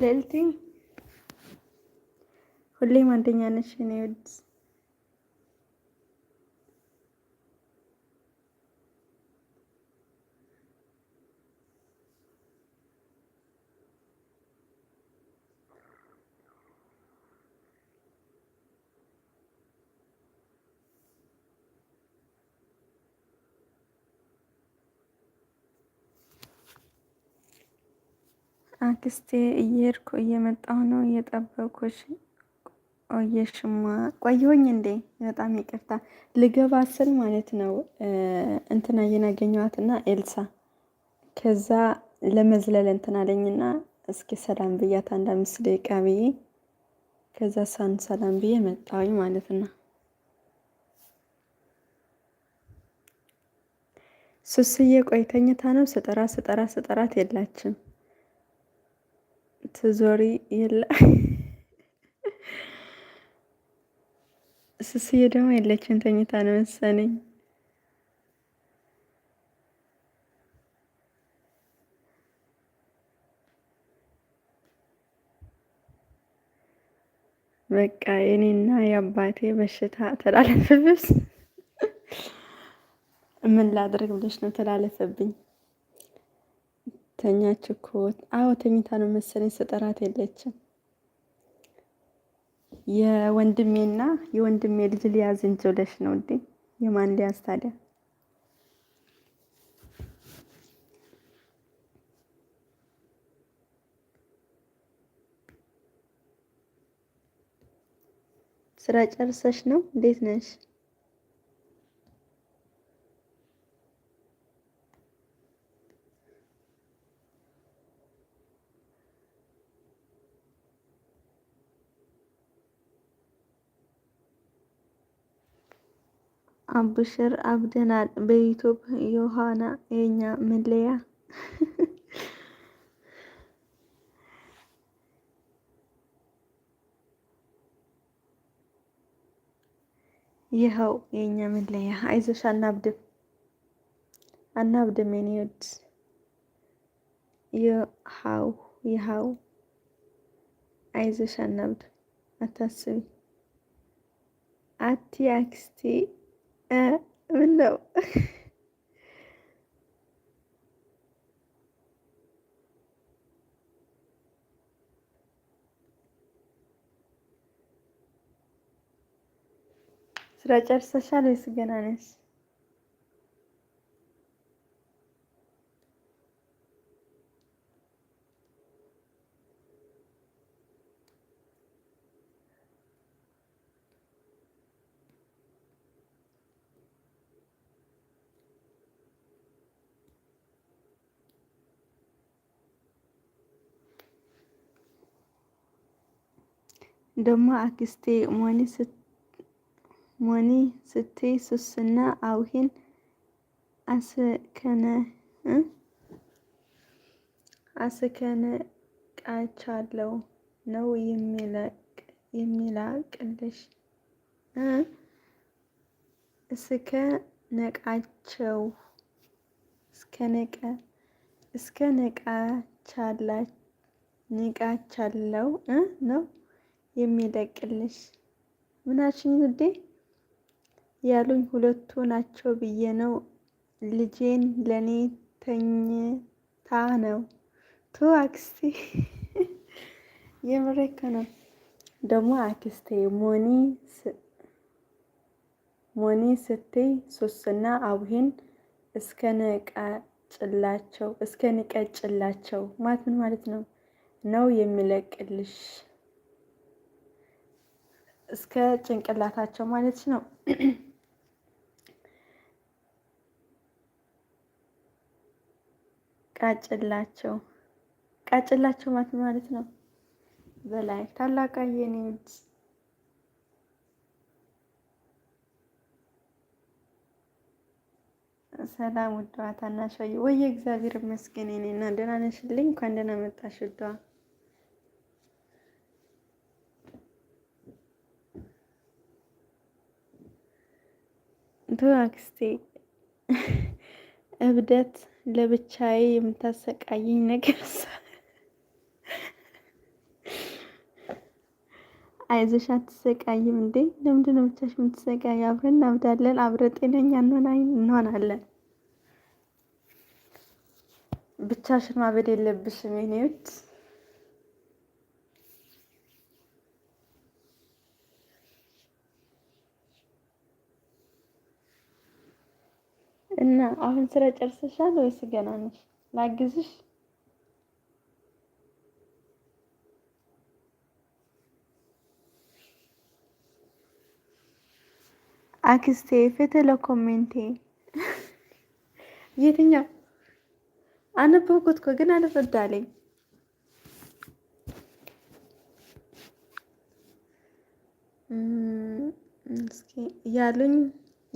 ልዕልቲ ሁሌም አንደኛ ነሽ። እኔ ውድ አክስቴ እየሄድኩ እየመጣሁ ነው እየጠበኩሽ ቆየሽማ ቆየሁኝ እንዴ በጣም ይቅርታ ልገባ ስል ማለት ነው እንትና እንትናዬን አገኘኋትና ኤልሳ ከዛ ለመዝለል እንትን አለኝና እስኪ ሰላም ብያት አንድ አምስት ደቂቃ ብዬ ከዛ ሳን ሰላም ብዬ መጣሁኝ ማለት ነው ሱስዬ ቆይተኝታ ነው ስጠራ ስጠራ ስጠራት የላችም ትዞሪ የለ ስስዬ ደግሞ የለችን ተኝታ ነው መሰለኝ። በቃ የኔና የአባቴ በሽታ ተላለፈብስ ምን ላድርግ ብለሽ ነው ተላለፈብኝ። ተኛች እኮ። አዎ ተኝታ ነው መሰለኝ ስጠራት የለችም። የወንድሜና የወንድሜ ልጅ ሊያዝ እንጂ ብለሽ ነው እንዴ? የማን ሊያዝ ታዲያ? ስራ ጨርሰሽ ነው? እንዴት ነሽ? አብሽር አብደናል። በዩቱብ ዮሃና የኛ መለያ ይኸው የኛ መለያ። አይዞሽ አናብድም አናብድም የኔ ውድ ይኸው ይኸው አይዞሽ አናብድም አታስቢ አቲ አክስቴ ምን ነው ስራ ጨርሰሻል ወይስ ገና ነሽ? ደሞ አክስቴ ሞኒ ስትይ ሱስና አውሂን አስከነቃቻለው ነው የሚላቅልሽ እስከ ነቃቸው እስከ ነቃቻላቸው ነው የሚለቅልሽ ምናችን ውዴ ያሉኝ ሁለቱ ናቸው ብዬ ነው። ልጄን ለኔ ተኝታ ነው ቱ አክስቴ፣ የምሬክ ነው ደግሞ አክስቴ ሞኒ ስትይ ሶስና አቡሄን እስከ ንቀጭላቸው ማለት ምን ማለት ነው ነው የሚለቅልሽ እስከ ጭንቅላታቸው ማለት ነው። ቃጭላቸው ቃጭላቸው ማለት ነው። በላይ ታላቃ እኔ ሰላም ውዷ ታናሻዬ፣ ወይ እግዚአብሔር ይመስገን። እኔና ደህና ነሽልኝ? እንኳን ደህና መጣሽ ውዷ አክስቴ እብደት ለብቻዬ የምታሰቃየኝ ነገር አይዞሽ አትሰቃይም እንዴ? ለምንድን ነው ብቻሽ የምትሰቃይ? አብረን እናብዳለን፣ አብረን ጤነኛ እንሆናለን። ብቻሽን ማበድ የለብሽም የኔ ውድ እና አሁን ስራ ጨርሰሻል ወይስ ገና ነሽ? ላግዝሽ? አክስቴ ፍትህ ለኮሜንቴ የትኛው አነበብኩት እኮ ግን አልፈዳለኝ። እስኪ ያሉኝ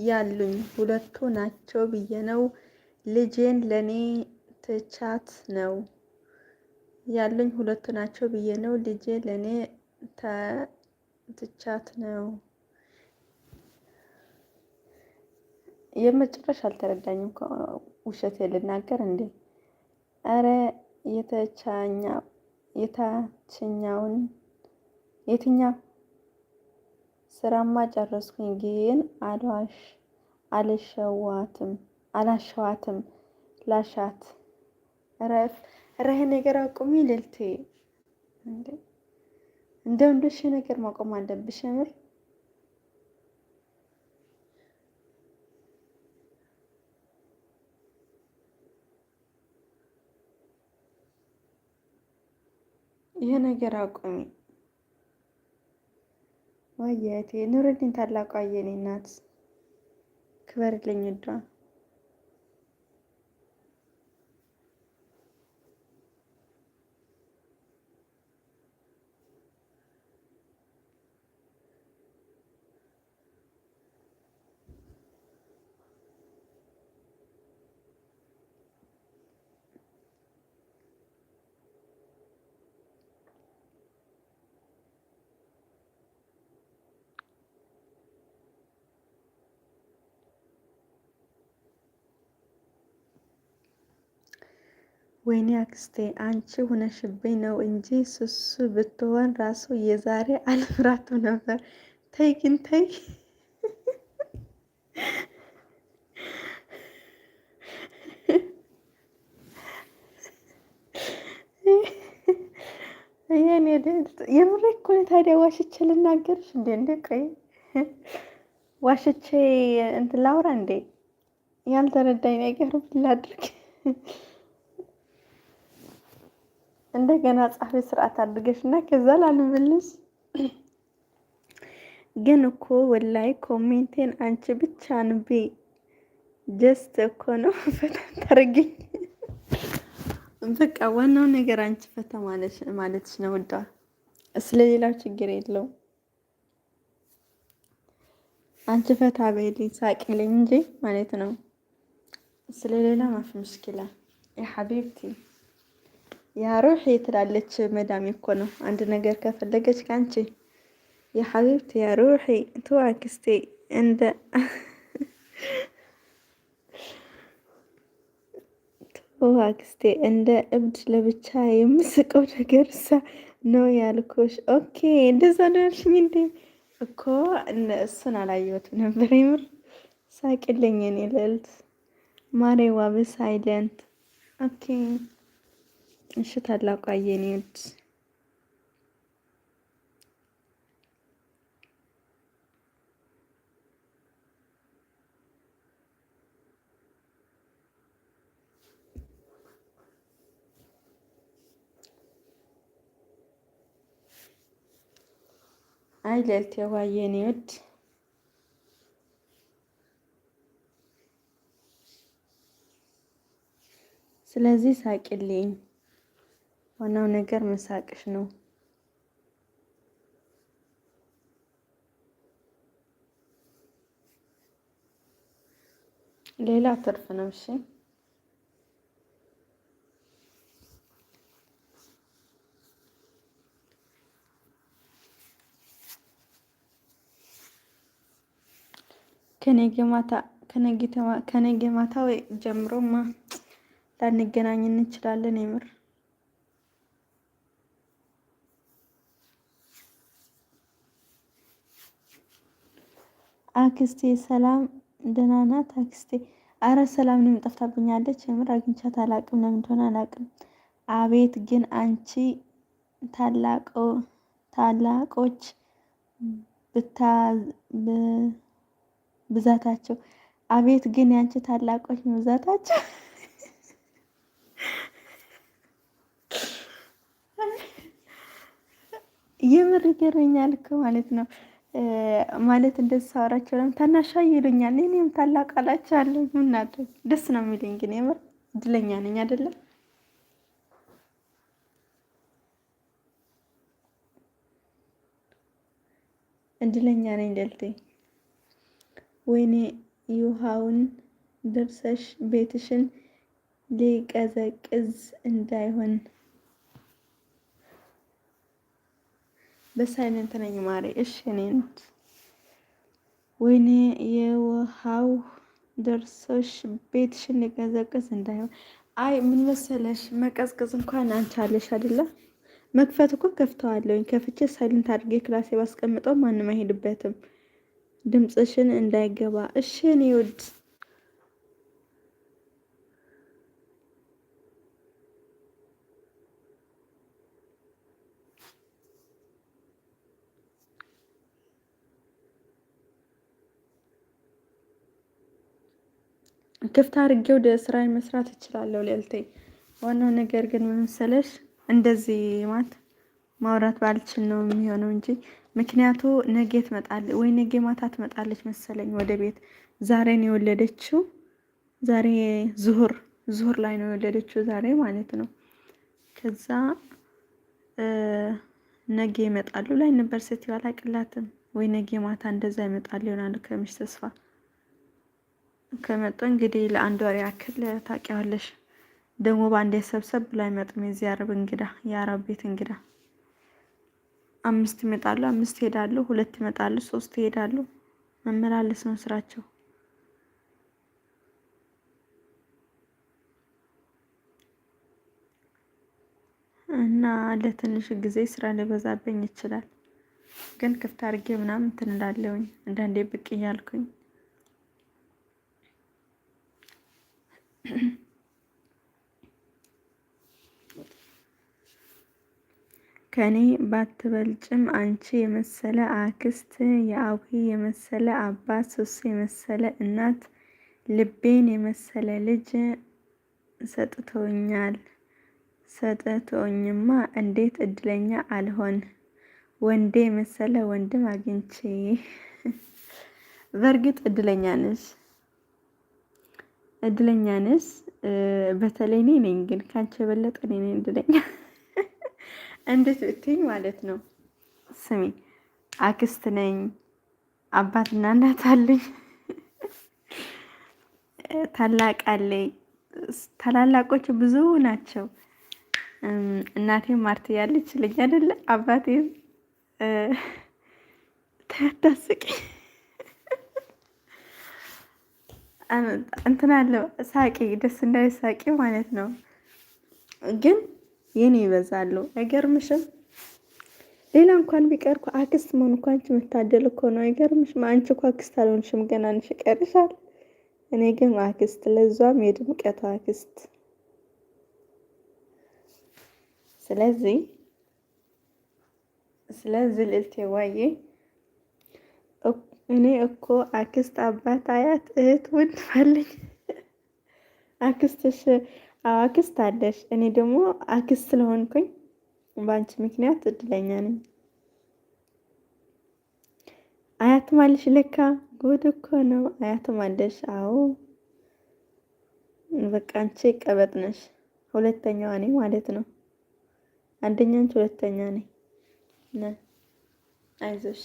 ያሉኝ ሁለቱ ናቸው ብዬ ነው። ልጄን ለኔ ትቻት ነው ያሉኝ ሁለቱ ናቸው ብዬ ነው። ልጄ ለኔ ትቻት ነው። የመጨረሻ አልተረዳኝም። ውሸት ልናገር እንዴ? አረ የታችኛውን የትኛው ስራማ ጨረስኩኝ ግን አድዋሽ አልሸዋትም አላሸዋትም ላሻት ረህ ነገር አቁሚ ልልቴ እንደ ወንዶች ነገር ማቆም አለብሽ። ምር ይሄ ነገር አቁሚ ወየቴ ኑርልኝ ታላቋ የኔ እናት ክበርልኝ እዷ ወይኔ አክስቴ አንቺ ሁነሽብኝ ነው እንጂ ስሱ ብትሆን ራሱ የዛሬ አልፍራቱ ነበር። ተይ ግን ተይ፣ የምሬ እኮ ነው። ታዲያ ዋሽቼ ልናገርሽ እንዴ? እንዴ ቆይ ዋሽቼ እንትን ላውራ እንዴ? ያልተረዳኝ ነገር ብላ አድርግ እንደገና ጻፊ ስርዓት አድርገሽ እና ከዛ ላልምልሽ። ግን እኮ ወላይ ኮሜንቴን አንቺ ብቻ አንቢ ጀስት እኮ ነው ፈታ ታርግኝ። በቃ ዋናው ነገር አንቺ ፈታ ማለትሽ ነው። ወዳ ስለሌላው ችግር የለው አንቺ ፈታ በይልኝ ሳቂልኝ እንጂ ማለት ነው። ስለሌላ ማፍ ሙሽኪላ ያ ሐቢብቲ ያሩህ ትላለች መዳሜ እኮ ነው። አንድ ነገር ከፈለገች ከአንቺ የሐቢብት ያሩህ ትዋክስቴ እንደ ትዋክስቴ እንደ እብድ ለብቻ የምስቀው ነገር ሳ ነው ያልኩሽ። ኦኬ እንደዛ ነው ያልሽኝ እንዴ? እኮ እሱን አላየሁትም ነበር። ይምር ሳቅልኝ እኔ ልዕልት ማሬዋ በሳይለንት ኦኬ እሺ ታላቋ የኔ አይ ለልቴዋ የኔ ውድ ስለዚህ ሳቂልኝ። ዋናው ነገር መሳቅሽ ነው። ሌላ ትርፍ ነው። እሺ ከነገ ማታ ወይ ጀምሮማ ላንገናኝ እንችላለን የምር አክስቴ ሰላም ደህና ናት? አክስቴ አረ ሰላም ነው ጠፍታብኛለች። የምር አግኝቻት አላቅም፣ ለምን እንደሆነ አላቅም። አቤት ግን አንቺ ታላቆች ብዛታቸው አቤት ግን ያንቺ ታላቆች ብዛታቸው የምር ይገርመኛል እኮ ማለት ነው። ማለት እንደዚህ ሳወራቸው ለም ታናሻ ይሉኛል። እኔም ታላቅ አላቸዋለሁ። ምን ደስ ነው የሚለኝ። ግን የምር እድለኛ ነኝ አይደለም እድለኛ ነኝ ደልቴ ወይኔ ይውሃውን ደርሰሽ ቤትሽን ሊቀዘቅዝ እንዳይሆን በሳይለንት ነኝ ማሬ። እሺ እኔን ወይኔ የውሃው ደርሶሽ ቤትሽን ሊቀዘቅዝ እንዳይሆን። አይ ምን መሰለሽ መቀዝቀዝ እንኳን አንቺ አለሽ አይደለ? መክፈት እኮ ከፍተዋለሁኝ። ከፍቼ ሳይለንት አድርጌ ክላሴ ባስቀምጠው ማንም አይሄድበትም ድምፅሽን እንዳይገባ። እሺ እኔ ውድ ክፍት አድርጌ ወደ ስራዬ መስራት እችላለሁ ልዕልቴ። ዋናው ነገር ግን መመሰለሽ እንደዚህ ማት ማውራት ባልችል ነው የሚሆነው እንጂ ምክንያቱ ነገ ትመጣለች ወይ ነገ ማታ ትመጣለች መሰለኝ ወደ ቤት። ዛሬን የወለደችው ዛሬ ዙሁር ዙሁር ላይ ነው የወለደችው ዛሬ ማለት ነው። ከዛ ነገ ይመጣሉ ላይ ነበር ስትይ አላቅላትም ወይ ነገ ማታ እንደዛ ይመጣል ይሆናል ከምሽ ተስፋ ከመጡ እንግዲህ ለአንድ ወር ያክል ታውቂዋለሽ። ደግሞ በአንዴ ሰብሰብ ብሎ አይመጡም። የዚህ አረብ እንግዳ የአረብ ቤት እንግዳ አምስት ይመጣሉ፣ አምስት ይሄዳሉ፣ ሁለት ይመጣሉ፣ ሶስት ይሄዳሉ። መመላለስ ነው ስራቸው። እና ለትንሽ ጊዜ ስራ ሊበዛብኝ ይችላል፣ ግን ክፍት አድርጌ ምናምን እንትን እላለሁኝ አንዳንዴ ብቅ እያልኩኝ ከኔ ባትበልጭም አንቺ የመሰለ አክስት፣ የአቡዬ የመሰለ አባት፣ ሶሲ የመሰለ እናት፣ ልቤን የመሰለ ልጅ ሰጥቶኛል። ሰጥቶኝማ እንዴት እድለኛ አልሆን! ወንዴ የመሰለ ወንድም አግኝቼ። በእርግጥ እድለኛ ነሽ፣ እድለኛ ነሽ። በተለይ እኔ ነኝ፣ ግን ካንቺ የበለጠ እኔ ነኝ እድለኛ እንዴት ብትይኝ ማለት ነው። ስሚ አክስት ነኝ፣ አባትና እናት አለኝ፣ ታላቅ አለኝ። ታላላቆች ብዙ ናቸው። እናቴም ማርት ያለች ልጅ አይደለ? አባቴም ታያታስቂ እንትን አለው ሳቂ፣ ደስ እንዳይ ሳቂ ማለት ነው ግን የኔ ይበዛሉ። አይገርምሽም? ሌላ እንኳን ቢቀርኩ አክስት መሆን እኮ አንቺ የምታደል እኮ ነው። አይገርምሽም? አንቺ እኮ አክስት አልሆንሽም ገና አንቺ ቀርሻል። እኔ ግን አክስት ለዛም የድምቀቷ አክስት። ስለዚህ ስለዚህ ልልቴ ዋዬ እኔ እኮ አክስት፣ አባት፣ አያት፣ እህት፣ ወንድም አለኝ አክስትሽ አክስት አለሽ። እኔ ደግሞ አክስት ስለሆንኩኝ በአንቺ ምክንያት እድለኛ ነኝ። አያትም አለሽ ለካ ጉድ እኮ ነው። አያትም አለሽ? አዎ በቃ አንቺ ቀበጥ ነሽ። ሁለተኛዋ ነኝ ማለት ነው። አንደኛ አንቺ፣ ሁለተኛ ነኝ። ነ አይዞሽ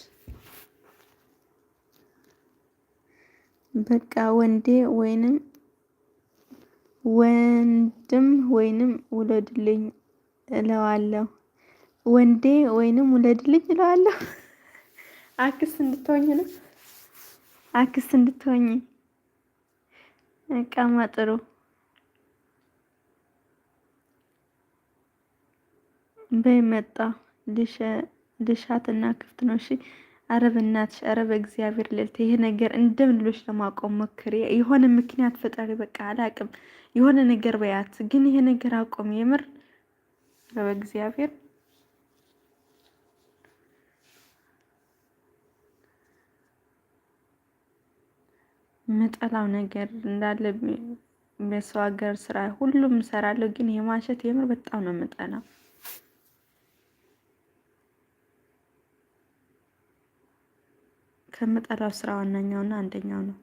በቃ ወንዴ ወይንም ወንድም ወይንም ውለድልኝ እለዋለሁ። ወንዴ ወይንም ውለድልኝ እለዋለሁ። አክስት እንድትሆኝ ነው። አክስት እንድትሆኝ እቃማ ጥሩ በመጣ ልሻትና ክፍት ነው። እሺ አረብ እናትሽ ኧረ እግዚአብሔር ልልት ይሄ ነገር እንደምን ለማቆም ሞክሬ የሆነ ምክንያት ፈጣሪ በቃ አላቅም የሆነ ነገር በያት ግን ይሄ ነገር አቆም የምር በእግዚአብሔር መጠላው ነገር እንዳለ በሰው ሀገር ስራ ሁሉም እሰራለሁ ግን የማሸት የምር በጣም ነው መጠላው። ከምጠላው ስራ ዋነኛውና አንደኛው ነው።